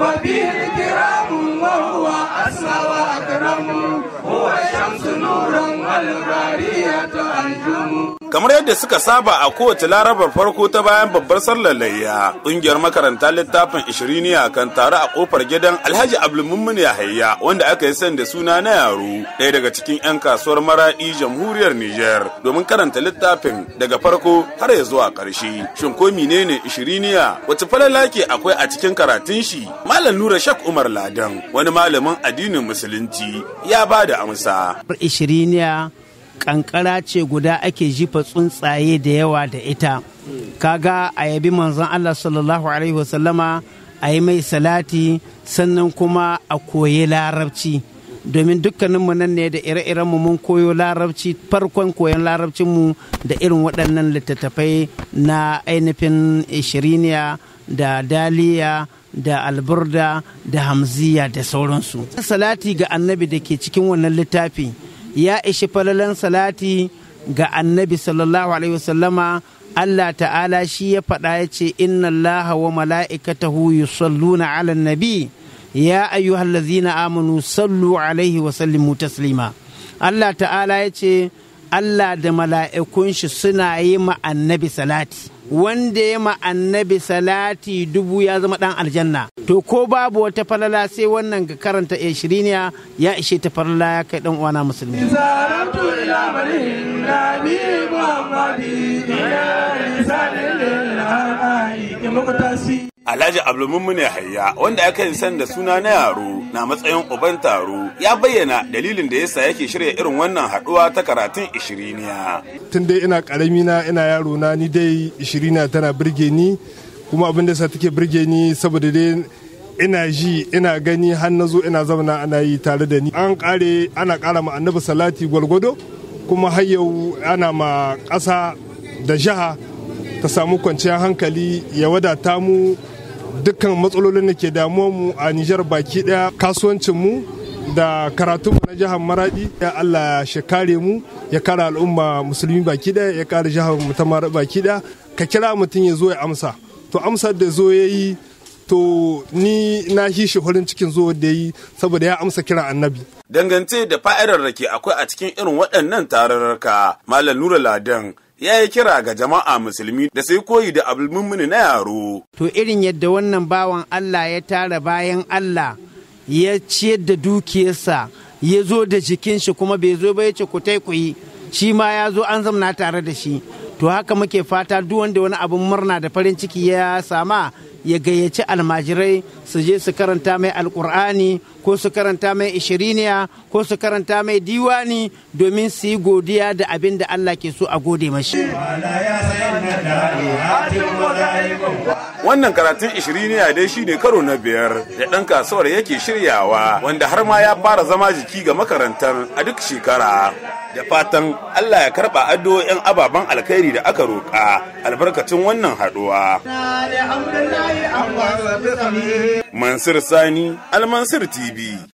وبه الكرام وهو أسرى وأكرم kamar yadda suka saba a kowace larabar farko ta bayan babbar sallar layya kungiyar makaranta littafin ishiriniya kan taru a kofar gidan alhaji abdulmumin yahaya wanda aka yi san da suna na yaro daya daga cikin 'yan kasuwar maraɗi jamhuriyar niger domin karanta littafin daga farko har ya zuwa karshe shin ko menene ishiriniya wace falala ke akwai a cikin karatun shi malam nura shak umar ladan wani malamin addinin musulunci ya ba da amsa ishiriniya kankara ce guda ake jifa tsuntsaye da yawa da ita kaga a yabi manzon Allah sallallahu alaihi wasallama a yi mai salati sannan kuma a koyi larabci domin dukkaninmu nan ne da ire-irenmu mun koyo larabci farkon koyon larabcinmu da irin waɗannan littattafai na ainihin Ishiriniya da daliya da alburda da hamziya da sauransu salati ga annabi da ke cikin wannan littafi ya ishi falalan salati ga annabi sallallahu alaihi wasallama Allah ta'ala shi ya faɗa ya ce inna Allah wa mala'ikatahu yusalluna ala nabi ya ayyuhallazina amanu sallu alaihi wa sallimu taslima Allah ta'ala ya ce Allah da mala'ikunshi suna yi ma annabi salati wanda ya annabi salati dubu ya zama ɗan aljanna to ko babu wata falala sai wannan ga karanta ishiriniya ya ishe ta falala ya kai dan uwana musulmi Alhaji Abdulmummun Hayya wanda aka yi san da suna na yaro na matsayin uban taro ya bayyana dalilin da yasa yake shirya irin wannan haduwa ta karatun ishiriniya. Tun dai ina karami na ina yaro na ni dai ishirina tana birge ni kuma abin da sa take birge ni saboda dai ina ji ina gani har na zo ina zauna ana yi tare da ni an kare ana kara ma annabi salati gwalgwado kuma har yau ana ma kasa da jiha ta samu kwanciyar hankali ya wadata mu dukkan matsalolin da ke damuwa mu a Nijar baki daya kasuwancin mu da karatu na jihar Maradi ya Allah shi kare mu ya kare al'umma musulmi baki daya ya kare jihar mu ta Maradi baki daya ka kira mutum ya zo ya amsa to amsa da zo yayi to ni na shi shi cikin zo da yi saboda ya amsa kira annabi. Dangance da fa'idar da ke akwai a cikin irin waɗannan tararraka, Malam Nura Ladan ya yi kira ga jama'a musulmi da sai koyi da abulmumuni na yaro. To irin yadda wannan bawan Allah ya tara bayan Allah ya ciyar da dukiyarsa ya zo da jikin shi kuma bai zo ba ya ce ku tai ku shi ma ya zo an zamna tare da shi. To haka muke fata duk wanda wani abin murna da farin ciki ya sama ya gayyaci almajirai su je su karanta mai alkur'ani ko su karanta mai ishiriniya ko su karanta mai diwani domin su yi godiya da abin da Allah ke so a gode mashi. wannan karatun ishiriniya dai shine karo na biyar da ɗan kasuwar yake shiryawa wanda har ma ya fara zama jiki ga makarantar a duk shekara da fatan Allah ya karɓa ado 'yan ababen alkhairi da aka roƙa albarkacin wannan haɗuwa. Mansir Sani, Almansur TV.